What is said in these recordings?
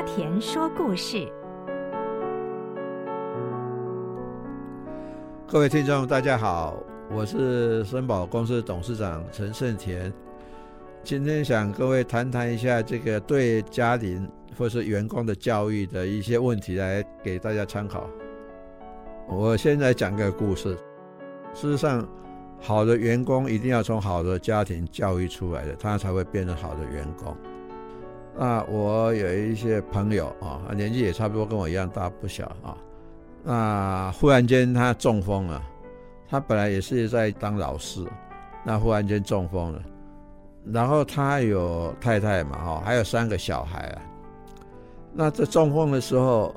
嘉田說故事，各位聽眾大家好，我是森寶公司董事長陳勝田，今天想各位談談一下這個對家庭或是員工的教育的一些問題，來給大家參考。我現在講個故事。事實上，好的員工一定要從好的家庭教育出來的，他才會變成好的員工。那我有一些朋友啊，年紀也差不多跟我一樣大，不小啊。那忽然間他中風了，他本來也是在當老師，那忽然間中風了。然後他有太太嘛哈，還有三個小孩啊。那在中風的時候，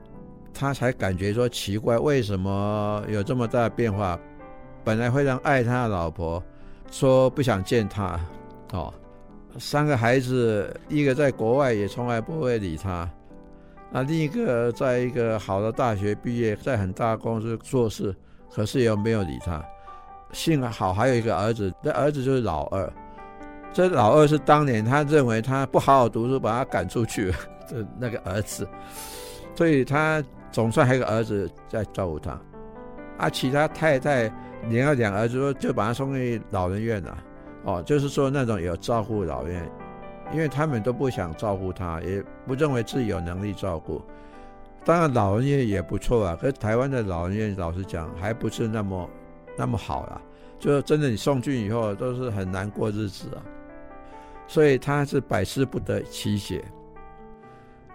他才感覺說奇怪，為什麼有這麼大的變化？本來非常愛他的老婆，說不想見他，哦。三個孩子，一個在國外也從來不會理他，那另一個在一個好的大學畢業，在很大公司做事，可是也沒有理他。幸好還有一個兒子，這兒子就是老二，這老二是當年他認為他不好好讀書，把他趕出去的那個兒子，所以他總算還有個兒子在照顧他。啊，其他太太兩個兒子說，就把他送給老人院了。哦，就是說那種有照顧老人，因為他們都不想照顧他，也不認為自己有能力照顧。當然，老人院也不錯啊，可是台灣的老人院，老實講，還不是那麼那麼好啊，就真的你送去以後，都是很難過日子啊。所以他是百思不得其解。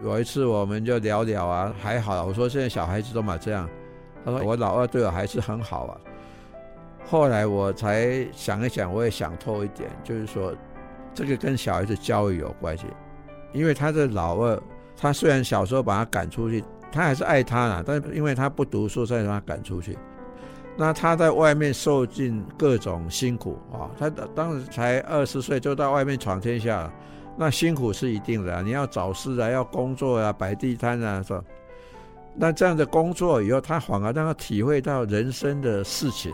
有一次我們就聊聊啊，還好啊，我說現在小孩子都嘛這樣，他說我老二對我還是很好啊。後來我才想一想，我也想透一點，就是說，這個跟小孩子教育有關係。因為他的老二，他雖然小時候把他趕出去，他還是愛他啦。但因為他不讀書，所以把他趕出去。那他在外面受盡各種辛苦啊！他當時才二十歲，就到外面闖天下，那辛苦是一定的啊，你要找事啊，要工作啊，擺地攤啊，是吧？那這樣的工作以後，他反而讓他體會到人生的事情。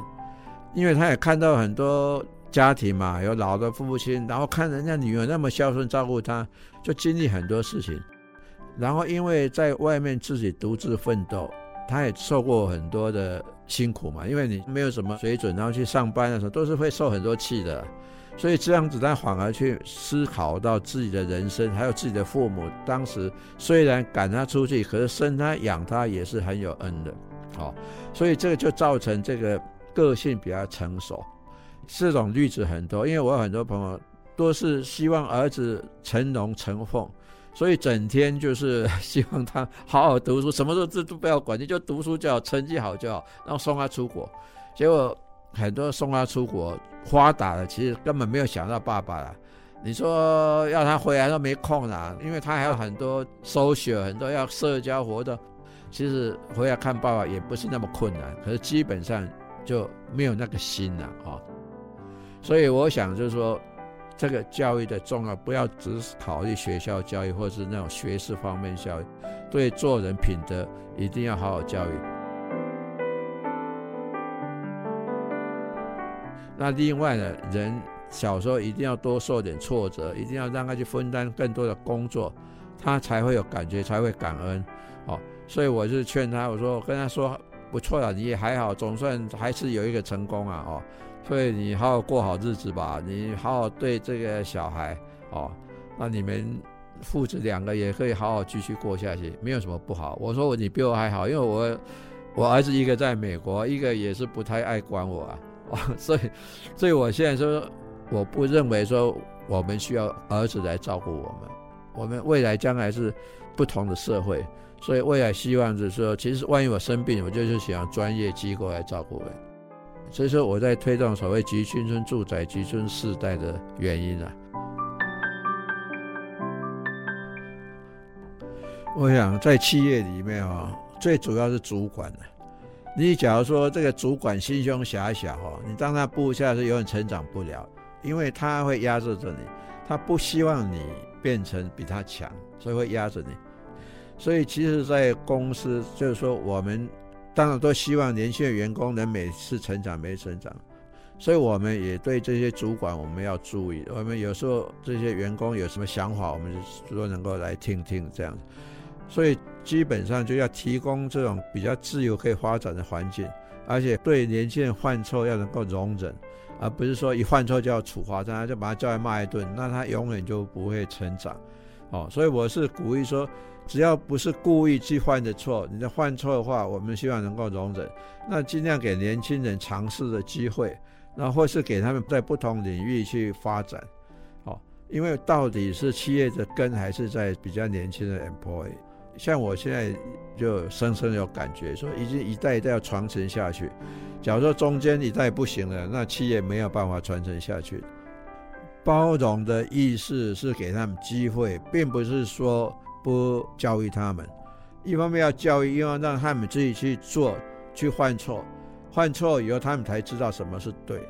因為他也看到很多家庭嘛，有老的父母親，然後看人家女兒那麼孝順，照顧他，就經歷很多事情。然後因為在外面自己獨自奮鬥，他也受過很多的辛苦嘛。因為你沒有什麼水準，然後去上班的時候都是會受很多氣的。所以這樣子，他反而去思考到自己的人生，還有自己的父母。當時雖然趕他出去，可是生他養他也是很有恩的。好，哦，所以這個就造成這個。個性比較成熟，這種例子很多。因為我有很多朋友都是希望兒子成龍成鳳，所以整天就是希望他好好讀書，什麼都，都不要管，你就讀書就好，成績好就好，然後送他出國。結果很多送他出國，發達了，其實根本沒有想到爸爸了。你說要他回來都沒空啦，因為他還有很多 social，很多要社交活動。其實回來看爸爸也不是那麼困難，可是基本上。就沒有那個心了啊哦，所以我想就是說，這個教育的重要，不要只是考慮學校教育或者是那種學識方面教育，對做人品德一定要好好教育。那另外呢，人小時候一定要多受點挫折，一定要讓他去分擔更多的工作，他才會有感覺，才會感恩哦，所以我就勸他，我說我跟他說。不錯啊，你也還好，總算還是有一個成功啊，哦，所以你好好過好日子吧，你好好對這個小孩，哦，那你們父子兩個也可以好好繼續過下去，沒有什麼不好。我說你比我還好，因為我我兒子一個在美國，一個也是不太愛管我啊，哦，所以所以我現在說，我不認為說我們需要兒子來照顧我們，我們未來將來是不同的社會。所以我也希望就是說，其實萬一我生病，我就是想專業機構來照顧我。所以說，我在推動所謂“集群村住宅、集群世代”的原因啊。我想在企業裡面啊，最主要是主管。你假如說這個主管心胸狹小哦，你當他部下是永遠成長不了，因為他會壓制着着你，他不希望你變成比他強，所以會壓着你。所以其實，在公司就是說，我們當然都希望年輕的員工能每次成長，每次成長。所以我們也對這些主管，我們要注意。我們有時候這些員工有什麼想法，我們就都能夠來聽聽這樣。所以基本上就要提供這種比較自由可以發展的環境，而且對年輕人犯錯要能夠容忍，而不是說一犯錯就要處罰但他，就把他叫來罵一頓，那他永遠就不會成長。哦，所以我是鼓勵說。只要不是故意去犯的錯，你的犯錯的話，我們希望能夠容忍。那盡量給年輕人嘗試的機會，那或是給他們在不同領域去發展。好、哦，因為到底是企業的根還是在比較年輕的 employee？像我現在就深深有感覺，說已經一代一代要傳承下去。假如說中間一代不行了，那企業沒有辦法傳承下去。包容的意思是給他們機會，並不是說。不教育他們，一方面要教育，一方讓他們自己去做，去犯錯，犯錯以後他們才知道什麼是對，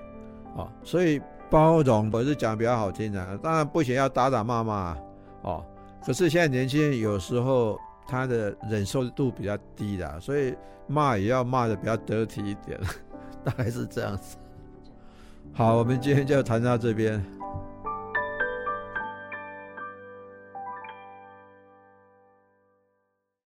哦，所以包容不是講比較好聽的、啊，當然不行，要打打罵罵，哦，可是現在年輕人有時候他的忍受度比較低的、啊，所以罵也要罵的比較得體一點，大概是這樣子。好，我們今天就談到這邊。